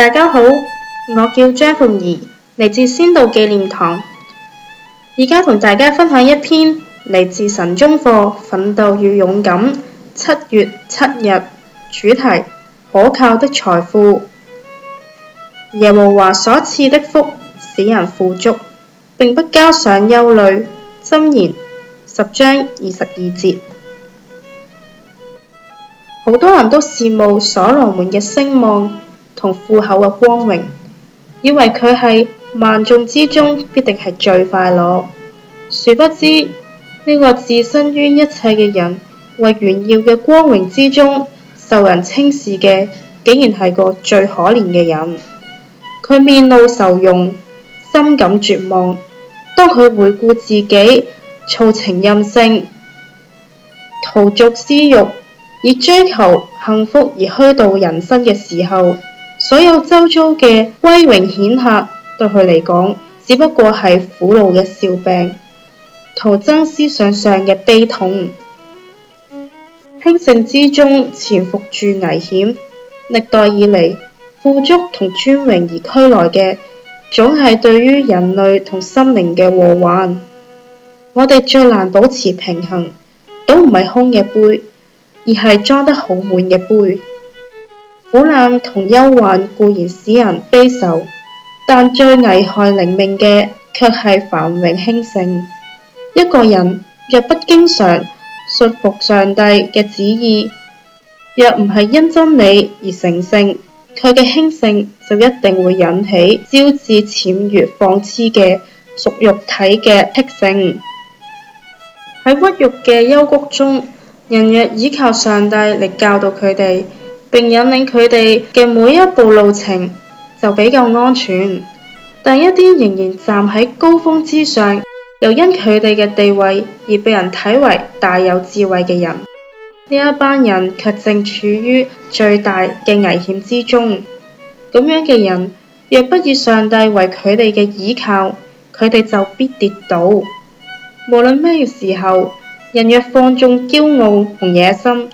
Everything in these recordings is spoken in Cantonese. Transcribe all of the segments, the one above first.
大家好，我叫張鳳儀，嚟自仙道紀念堂。而家同大家分享一篇嚟自神中課《奮鬥與勇敢》，七月七日主題：可靠的財富。耶和華所賜的福使人富足，並不加上憂慮。箴言十章二十二節。好多人都羨慕所羅門嘅聲望。同富厚嘅光榮，以為佢係萬眾之中必定係最快樂，殊不知呢個置身於一切嘅人，為炫耀嘅光榮之中受人稱視嘅，竟然係個最可憐嘅人。佢面露愁容，深感絕望。當佢回顧自己造情任性、陶逐私欲，以追求幸福而虛度人生嘅時候。所有周遭嘅威榮顯赫，對佢嚟講，只不過係苦惱嘅笑柄，徒增思想上嘅悲痛。興盛之中潛伏住危險，歷代以嚟富足同尊榮而驅來嘅，總係對於人類同心靈嘅禍患。我哋最難保持平衡，都唔係空嘅杯，而係裝得好滿嘅杯。苦難同憂患固然使人悲愁，但最危害靈命嘅，卻係繁榮興盛。一個人若不經常順服上帝嘅旨意，若唔係因真理而成聖，佢嘅興盛就一定會引起招致僭越放肆嘅屬肉體嘅癖性。喺屈辱嘅幽谷中，人若倚靠上帝嚟教導佢哋。並引領佢哋嘅每一步路程就比較安全，但一啲仍然站喺高峰之上，又因佢哋嘅地位而被人睇為大有智慧嘅人，呢一班人卻正處於最大嘅危險之中。咁樣嘅人，若不以上帝為佢哋嘅倚靠，佢哋就必跌倒。無論咩時候，人若放縱驕傲同野心，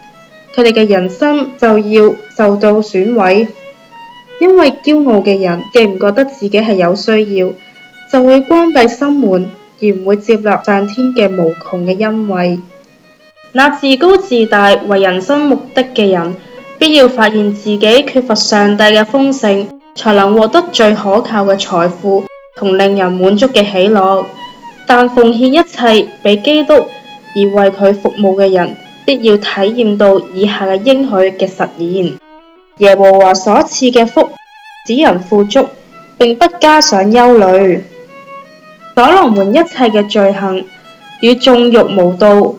佢哋嘅人生就要受到損毀。因為驕傲嘅人既唔覺得自己係有需要，就會關閉心門，而唔會接納上天嘅無窮嘅恩惠。那自高自大為人生目的嘅人，必要發現自己缺乏上帝嘅豐盛，才能獲得最可靠嘅財富同令人滿足嘅喜樂。但奉獻一切俾基督，而為佢服務嘅人。必要體驗到以下嘅應許嘅實現，耶和華所賜嘅福使人富足，並不加上憂慮。所羅門一切嘅罪行與縱欲無道、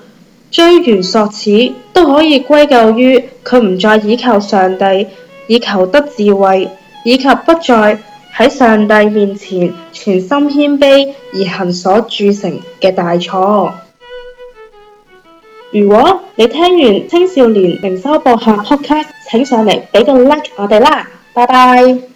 追懸索此，都可以歸咎於佢唔再倚靠上帝，以求得智慧，以及不再喺上帝面前全心謙卑而行所鑄成嘅大錯。如果你聽完青少年靈修博客 Podcast，請上嚟俾個 like 我哋啦，拜拜。